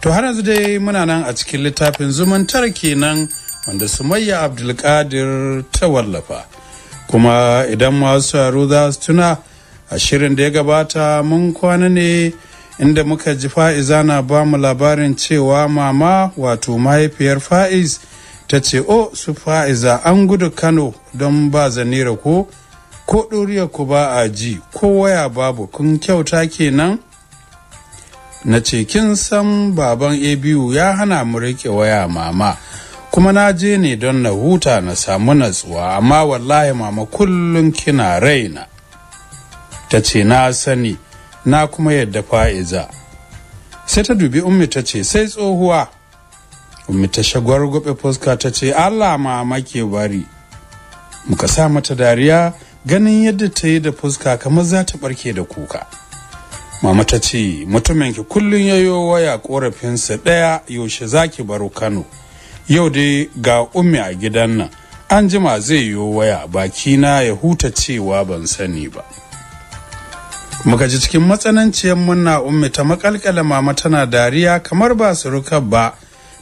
to har yanzu dai muna nan a cikin littafin zumuntar kenan wanda sumayya abdulkadir ta wallafa kuma idan masu yaro za su tuna a shirin da ya gabata mun kwana ne inda muka ji fa'iza na ba mu labarin cewa mama wato mahaifiyar fa'iz ta ce o su fa'iza an gudu kano don ba zanira ko ko ɗoriya ku ba a ji ko waya babu kun kyauta kenan na ce kin san baban abu ya hana mu rike waya mama kuma na je ne don na huta na samu natsuwa amma wallahi mama kullum kina raina ta ce na sani na kuma yadda fa'iza sai ta dubi ummi ta ce sai tsohuwa ummi ta shagwar gobe fuska ta ce allah mama ke bari muka sa mata dariya ganin yadda ta yi da fuska kamar za ta barke da kuka mama ta ce mutumin ki kullun yayo waya korafinsa ɗaya yaushe zaki baro kano yau dai ga ummi a gidan nan an jima zai yo waya bakina ya huta cewa ban sani ba muka ji cikin matsananciyar munna ummi ta makalkala mama tana dariya kamar ba surukar ba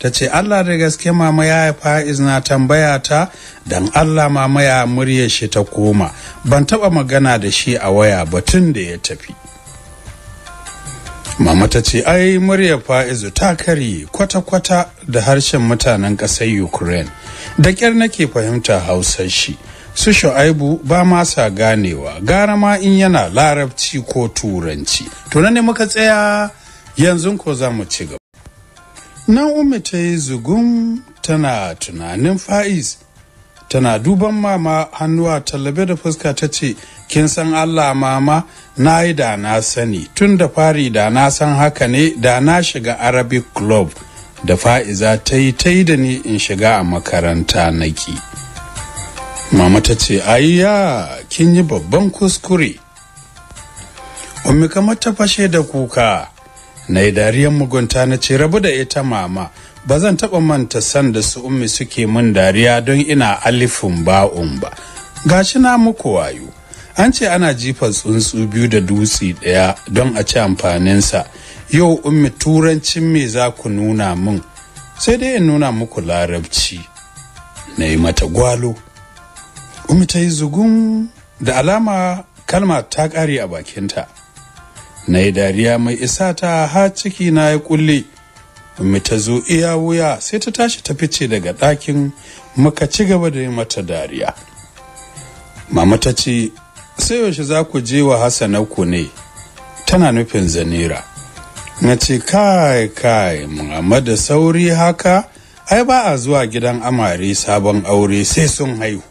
ta ce allah da gaske mama ya haifa izna tambaya ta don allah mama ya murya shi ta koma ban taba magana da shi a waya ba tun da ya tafi mama ta ce ai murya fa'izu ta karye kwata-kwata da harshen mutanen ƙasar ukraine da ƙyar nake fahimta hausar shi su shu'aibu ba ma sa ganewa gara ma in yana larabci ko turanci tunan ne muka tsaya yanzu ko za mu ci gaba Na umu ta yi zugun tana tunanin fa'iz tana duban mama hannuwa talabe da fuska ta ce kin san Allah mama na yi da na sani tun da fari da na san haka ne da na shiga arabic club da fa'iza ta yi ta yi da ni in shiga a makaranta naki mama ta ce ayya kin yi babban kuskure ummi kamar ta fashe da kuka na yi dariyar mugunta na ce rabu da ita mama ba zan taɓa manta san da su ummi suke mun dariya don ina alifin ba'un ba gashi na muku wayo an ce ana jifa tsuntsu biyu da dutse ɗaya don a ci amfaninsa yau ummi turancin me za ku nuna min sai dai in nuna muku larabci na yi mata gwalo ummi ta yi zugun da alama kalma ta ƙare a bakinta na yi dariya mai isa ta ha ciki na ya kulle ummi ta zo iya wuya sai ta tashi ta fice daga ɗakin muka ci gaba da yi mata dariya mama ta ce sai yaushe za ku je wa hassana ku ne tana nufin zanira na ce kai kai muhammad da sauri haka ai ba a zuwa gidan amare sabon aure sai sun haihu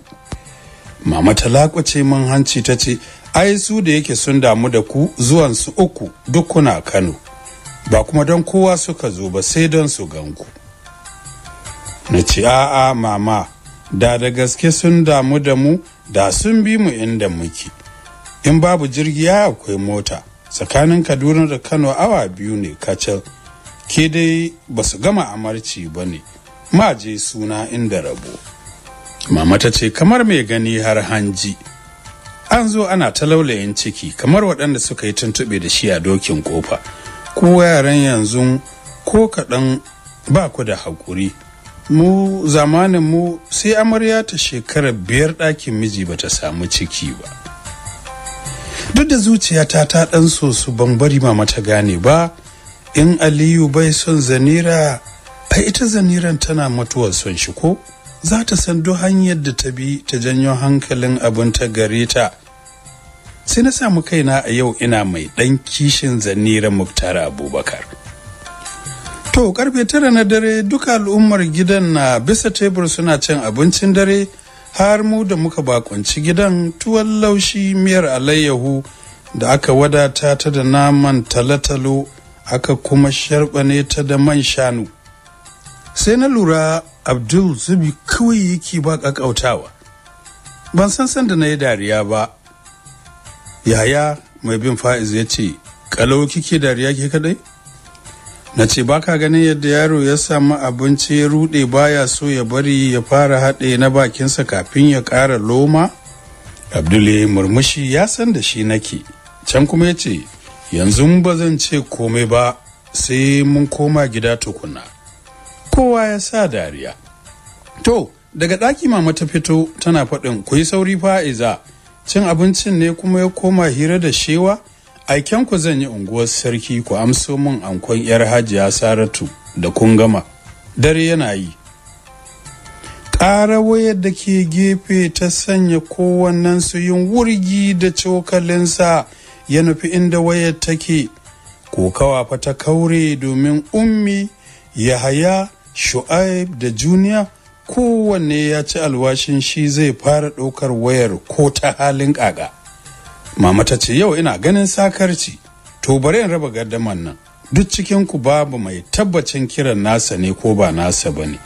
mama ta lakwace hanci ta ce ai su da yake sun damu da ku zuwan su uku duk kuna kano ba kuma don kowa suka zo ba sai don su ganku na ce a'a mama da da gaske sun damu da mu da sun bi mu inda muke in babu jirgi ya akwai mota tsakanin kaduna da kano awa biyu ne kacal ke dai ba su gama amarci ba ne ma je suna inda rabo mama ta ce kamar mai gani har hanji an zo ana ta laulayin ciki kamar waɗanda suka yi tuntuɓe da shi a dokin kofa ko yaran yanzu ko kaɗan ba ku da haƙuri mu zamanin mu sai amarya ta shekara biyar ɗakin miji ba ta samu ciki ba duk da zuciyata ta ɗan so su ban bari mama ta gane ba in aliyu bai son zanira a ita zaniran tana mutuwar son shi ko za ta san duk hanyar da ta bi ta janyo hankalin abin ta gare ta sai na samu kaina a yau ina mai ɗan kishin zanira muktar abubakar To karfe tara na dare duka al'ummar gidan na bisa tebur suna cin abincin dare har mu da muka bakunci gidan tuwon laushi miyar alayyahu da aka wadata ta da naman talatalo aka kuma sharbane ta da man shanu. Sai na lura Abdul zubi kawai yake ba kakautawa. Ban san san da na yi dariya ba. Yaya mai bin fa'iz ya ce, kalau kike dariya ke kaɗai? na ce ba ka ganin yadda yaro ya samu abinci ya rude baya so ya bari ya fara haɗe na bakinsa kafin ya ƙara loma abdul murmushi ya san da shi nake can kuma ya ce yanzu ba zan ce komai ba sai mun koma gida tukuna kowa ya sa dariya to daga ɗaki mama ta fito tana faɗin ku yi sauri fa'iza cin abincin ne kuma ya koma hira da shewa aiken ku zan yi unguwar sarki ku amso min ankon yar hajiya saratu da kun gama dare yana yi ƙara wayar da ke gefe ta sanya kowannen su yin wurgi da cokalinsa ya nufi inda wayar take kokawa fa ta kaure domin ummi yahaya shu'aib da juniya kowanne ya ci alwashin shi zai fara ɗaukar wayar ko ta halin ƙaga. mama ta ce yau ina ganin sakarci to bari in raba gardaman nan duk cikin ku babu mai tabbacin kiran nasa ne ko ba nasa ba ne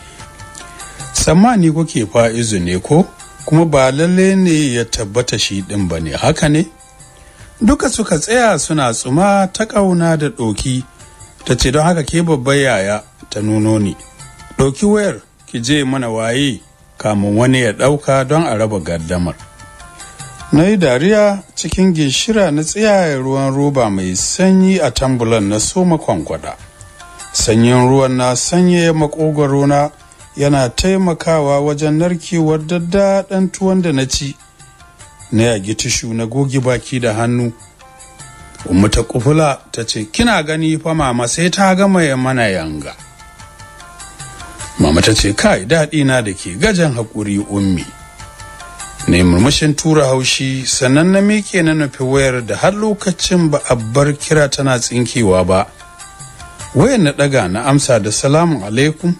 tsammani kuke fa'izu ne ko kuma ba lalle ne ya tabbata shi din ba ne haka ne duka suka tsaya suna tsuma ta kauna da ɗoki ta ce don haka ke babbar yaya ta nuno ni ɗauki wayar ki je mana waye kamun wani ya ɗauka don a raba gardamar na yi dariya cikin gishira na tsiyaye ruwan roba mai sanyi a tambulan na soma kwankwada sanyin ruwan na sanye makogwaro na yana taimakawa wajen narkewar daddaɗan tuwon da na ci na yagi tishu na goge baki da hannu umu ta kufula ta ce kina gani fa mama sai ta gama ya mana yanga mama ta ce kai daɗi na da ke gajen haƙuri ummi ne murmushin tura haushi sannan na miƙe na nufi wayar da har lokacin ba a bar kira tana tsinkewa ba wayar na ɗaga na amsa da salamu alaikum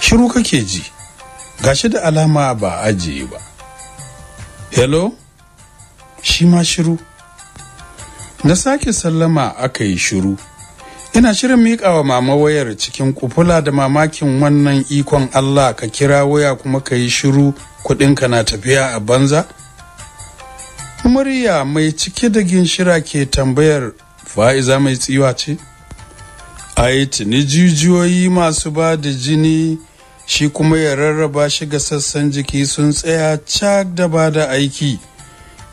shiru kake ji gashi da alama ba ajiye ba hello shi ma shiru na sake sallama aka yi shiru ina shirin miƙa wa mama wayar cikin kufula da mamakin wannan ikon allah ka kira waya kuma ka yi shiru kudinka na tafiya a banza murya mai cike da ginshira ke tambayar fa'iza mai tsiwa ce ai tuni jijiyoyi masu ba da jini shi kuma ya rarraba shi ga sassan jiki sun tsaya cak da ba da aiki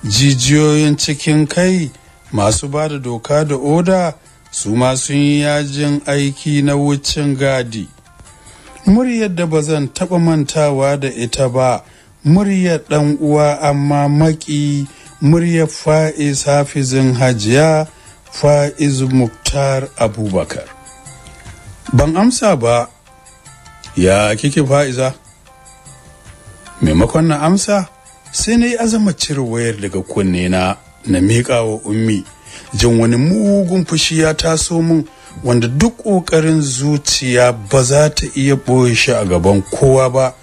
jijiyoyin cikin kai masu ba da doka da oda su ma sun yi yajin aiki na wucin gadi muryar da ba zan taɓa mantawa da ita ba muryar ɗan uwa amma maƙi muryar fa'iz hafizin hajiya fa'iz muktar abubakar ban amsa ba ya kike fa'iza maimakon na amsa sai na yi azama cire wayar daga kunne na na miƙa wa ummi jin wani mugun fushi ya taso min wanda duk ƙoƙarin zuciya ba za ta iya ɓoye shi a gaban kowa ba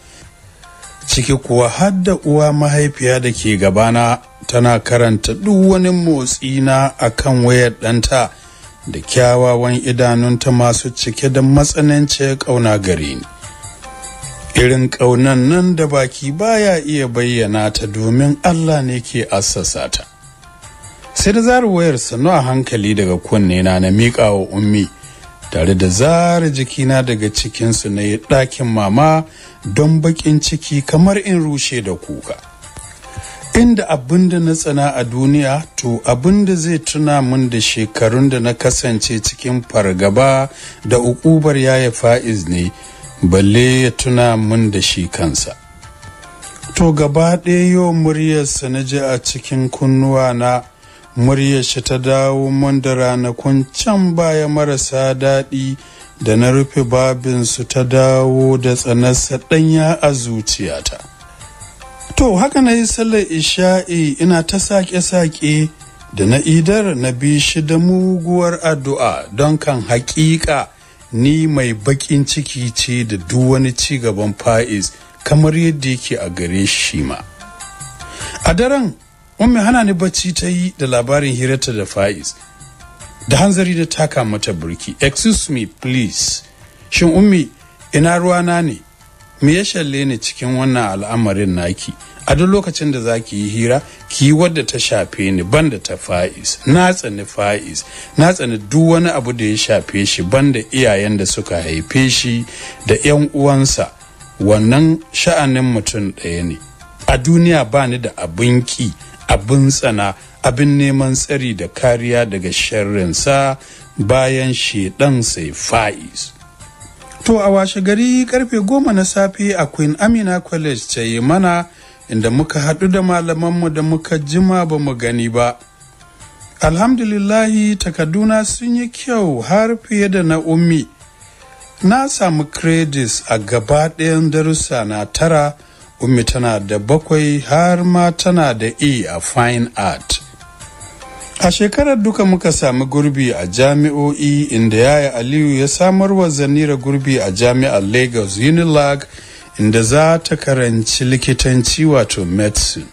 ciki kuwa har uwa mahaifiya da ke gabana tana karanta duk wani motsi na akan wayar ɗanta da kyawawan idanunta masu cike da matsananci ƙauna gare ni irin ƙaunan nan da baki baya iya bayyana ta domin allah ne ke assasa ta sai da zarar wayar sannu a hankali daga kunne na na miƙa wa ummi tare da zara jikina daga cikinsu na yi ɗakin mama don baƙin ciki kamar in rushe da kuka inda abin da na tsana a duniya to abin da zai tuna min da shekarun da na kasance cikin fargaba da ukubar yaya fa'iz ne balle ya tuna min da shi kansa to gaba ɗaya yau muryarsa na ji a cikin kunnuwa na muryar ta dawo mun da ranakun can baya marasa daɗi da na rufe babinsu ta dawo da tsanarsa ɗanya a zuciyata to haka na yi sallar isha'i ina ta sake-sake da na idar na bi shi da muguwar addu'a don kan haƙiƙa ni mai baƙin ciki ce da duk wani ci gaban fa'iz kamar yadda yake a gare shi ma a daren Ummi hana ni bacci ta yi da labarin hirarta da Faiz. Da hanzari da taka mata burki. Excuse me please. Shin Ummi ina ruwana ne? Me ya shalle ni cikin wannan al'amarin naki? A duk lokacin da za ki yi hira, ki yi wadda ta shafe ni banda ta Faiz. Na tsani Faiz. Na tsani duk wani abu da ya shafe shi banda iyayen da suka haife shi da 'yan uwansa. Wannan sha'anin mutum ɗaya ne. A duniya ba ni da abin ki. abin tsana abin neman tsari da kariya daga sharrinsa bayan shedan sai fa'is to a washe gari karfe goma na safe a queen amina college ta yi mana inda muka haɗu da malamanmu da muka jima ba mu gani ba alhamdulillahi takarduna sun yi kyau har fiye da na ummi na samu credits a gaba ɗayan darussa na tara ummi tana da bakwai har ma tana da e a fine art a shekarar duka muka sami gurbi a jami'o'i inda yaya aliyu ya samar wa zanira gurbi a jami'ar lagos unilag inda za ta karanci likitanci wato medicine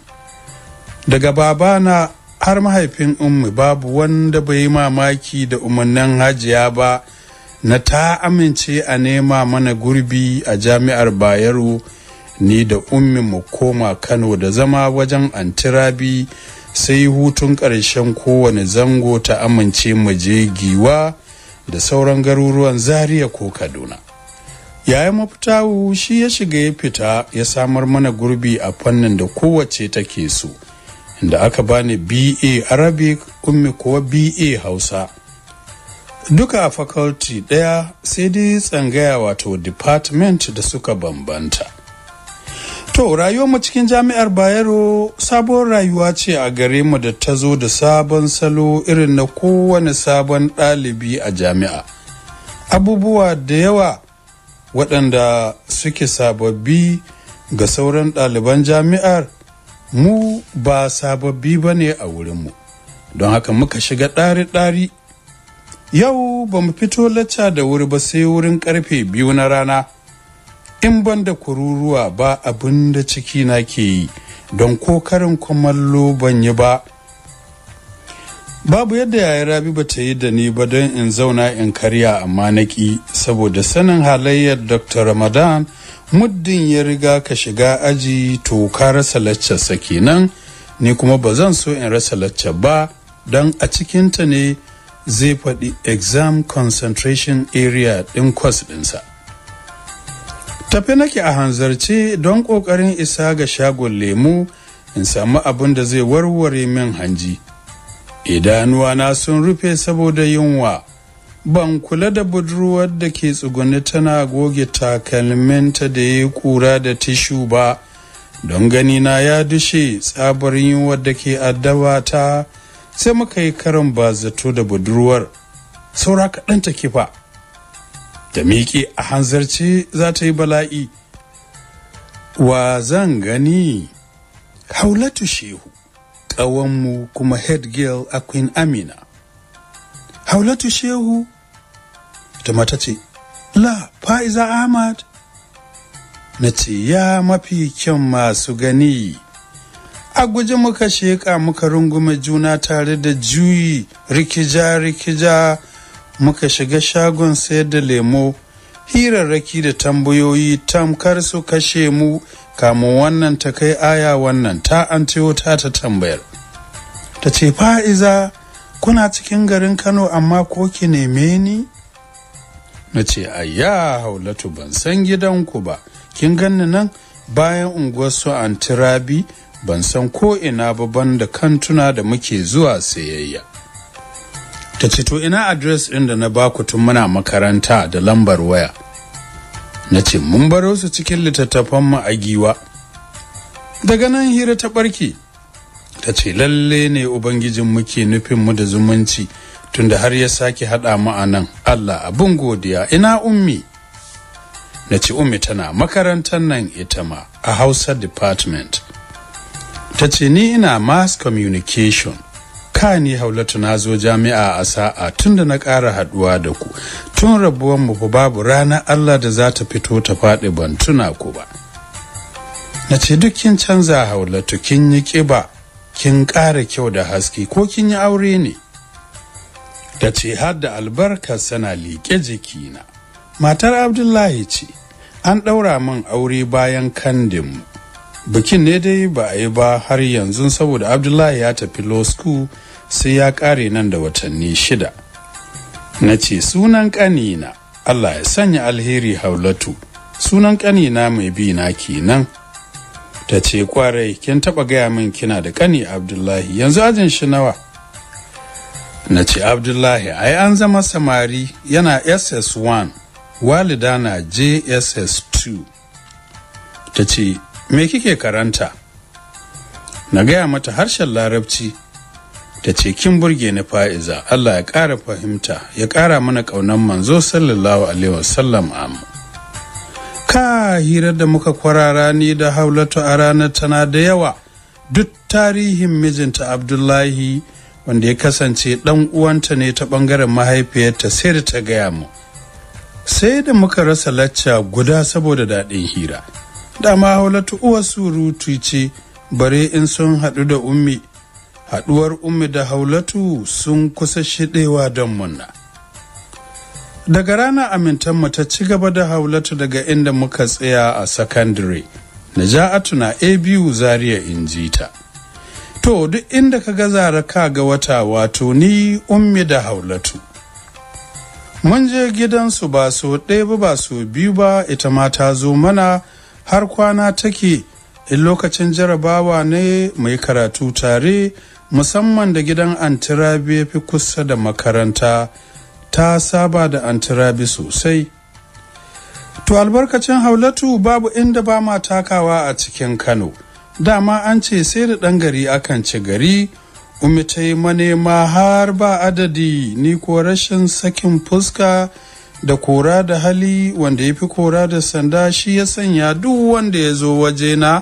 daga babana har mahaifin ummi babu wanda bai yi mamaki da umarnin hajiya ba na ta amince a nema mana gurbi a jami'ar bayero ni da ummin mu koma kano da zama wajen antirabi sai hutun ƙarshen kowane zango ta amince mu je giwa da sauran garuruwan zaria ko kaduna yayin mafitawu shi ya shiga ya fita ya samar mana gurbi a fannin da kowace take so da aka bani ba arabic ummi kuwa ba hausa duka a faculty daya sai dai tsangaya wato department da suka bambanta To rayuwar mu cikin jami'ar Bayero sabon rayuwa ce a gare mu da ta zo da sabon salo irin na kowane sabon ɗalibi a jami'a. Abubuwa da yawa waɗanda suke sababbi ga sauran ɗaliban jami'ar mu ba sababbi ba ne a wurinmu don haka muka shiga ɗari-ɗari. Yau ba mu fito lacca da wuri ba sai wurin ƙarfe biyu na rana. in ban da kururuwa ba abin da ciki na ke yi don ko karin kumallo ban yi ba babu yadda yayi rabi ba ta yi da ni ba don in zauna in karya amma na ƙi saboda sanin halayyar dr ramadan muddin ya riga ka shiga aji to ka rasa laccarsa kenan ni kuma ba zan so in rasa laccar ba don a cikinta ne zai faɗi exam concentration area ɗin kwas ɗinsa tafi nake a hanzarce don ƙoƙarin isa ga shagon lemu in samu abin da zai warware min hanji idanuwana sun rufe saboda yunwa ban kula da budurwar da ke tsuguni tana goge takalminta da ya kura da tishu ba don ganina ya dushe tsabar yunwa da ke addaba ta sai muka yi karin ba zato da budurwar saura kaɗan ta kifa ta miƙe a hanzarce za ta yi bala'i wa zan gani haulatu shehu ƙawanmu kuma head girl a queen amina haulatu shehu ta mata ce la fa'iza ahmad na ce ya mafi kyan masu gani a guji muka sheƙa muka rungume juna tare da juyi rikija rikija muka shiga shagon sayar da lemo hirarraki da tambayoyi tamkar su kashe mu kamun wannan ta kai aya wannan ta an ta ta tambayar ta ce fa'iza kuna cikin garin kano amma ko ki neme ni na ce ayya haulatu ban san gidanku ba kin ganni nan bayan unguwarsu su antirabi ban san ko ina ba banda kantuna da muke zuwa sayayya ta ce to ina adres ɗin da na baku tun muna makaranta da lambar waya na ce mun baro su cikin littattafan mu a giwa daga nan hira ta barki ta ce lalle ne ubangijin muke nufin mu da zumunci tunda har ya sake haɗa mu a nan allah abun godiya ina ummi na ce ummi tana makarantar nan ita ma a hausa department ta ce ni ina mass communication kani haulatu na zo jami'a a sa'a tun da na ƙara haɗuwa da ku tun rabuwan mu ku babu ranar Allah da za ta fito ta faɗi ban tuna ku ba na ce duk kin canza haulatu kin yi ƙiba kin ƙara kyau da haske ko kin yi aure ne da ce har da albarkar sana liƙe jikina matar abdullahi ce an ɗaura min aure bayan kandin bikin ne dai ba a yi ba har yanzu saboda abdullahi ya tafi law school sai ya ƙare nan da watanni shida na ce sunan ƙanina allah ya sanya alheri haulatu sunan ƙanina mai bi na kenan ta ce kwarai kin taɓa gaya min kina da ƙani abdullahi yanzu ajin shi nawa na ce abdullahi ai an zama samari yana ss1 walida na jss2 ta ce me kike karanta na gaya mata harshen larabci ta ce kin burge ni fa'iza Allah ya ƙara fahimta ya ƙara mana ƙaunar manzo sallallahu alaihi wasallam amu ka hirar da muka kwarara ni da haulatu a ranar tana da yawa duk tarihin mijinta abdullahi wanda ya kasance ɗan uwanta ne ta ɓangaren mahaifiyarta sai da ta gaya mu sai da muka rasa lacca guda saboda daɗin hira dama haulatu uwar surutu ce bare in sun haɗu da ummi haɗuwar ummi da haulatu sun kusa shiɗewa don munna daga rana amintanmu ta ci gaba da haulatu daga inda muka tsaya a sakandire, naja'atu na abu zaria injita to duk inda ka ga zaraka ga wata wato ni ummi da haulatu mun je gidansu ba so ɗaya ba ba biyu ba ita ma ta zo mana har kwana take in lokacin jarabawa ne mai karatu tare musamman da gidan antirabi ya fi kusa da makaranta ta saba da antirabi sosai to albarkacin haulatu babu inda ba ma takawa a cikin kano dama an ce sai da ɗan gari akan ci gari umi ta yi manema har ba adadi ni ko rashin sakin fuska da kora da hali wanda ya fi kora da sanda shi ya sanya duk wanda ya zo wajena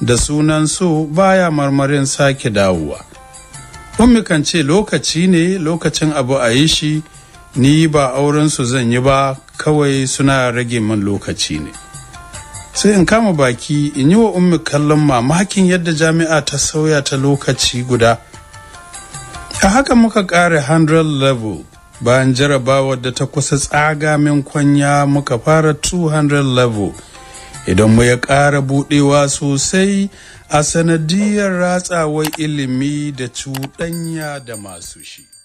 da sunan so baya marmarin sake dawowa ummi kan ce lokaci ne lokacin abu a yi shi ni ba auren su zan yi ba kawai suna rage min lokaci ne sai in kama baki in yi wa ummi kallon mamakin yadda jami'a ta sauya ta lokaci guda a haka muka kare 100 level bayan jarabawa da ta kusa tsaga min kwanya muka fara 200 level idan mu ya ƙara buɗewa sosai a sanadiyar ratsawar ilimi da cuɗanya da masu shi